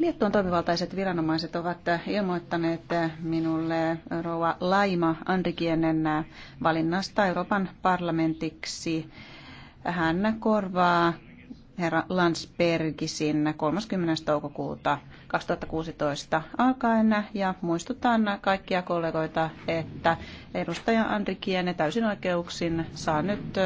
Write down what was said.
Liettuan toimivaltaiset viranomaiset ovat ilmoittaneet minulle rouva Laima Andrikienen valinnasta Euroopan parlamentiksi. Hän korvaa herra Landsbergisin 30. toukokuuta 2016 alkaen ja muistutan kaikkia kollegoita, että edustaja Andri täysin oikeuksin saa nyt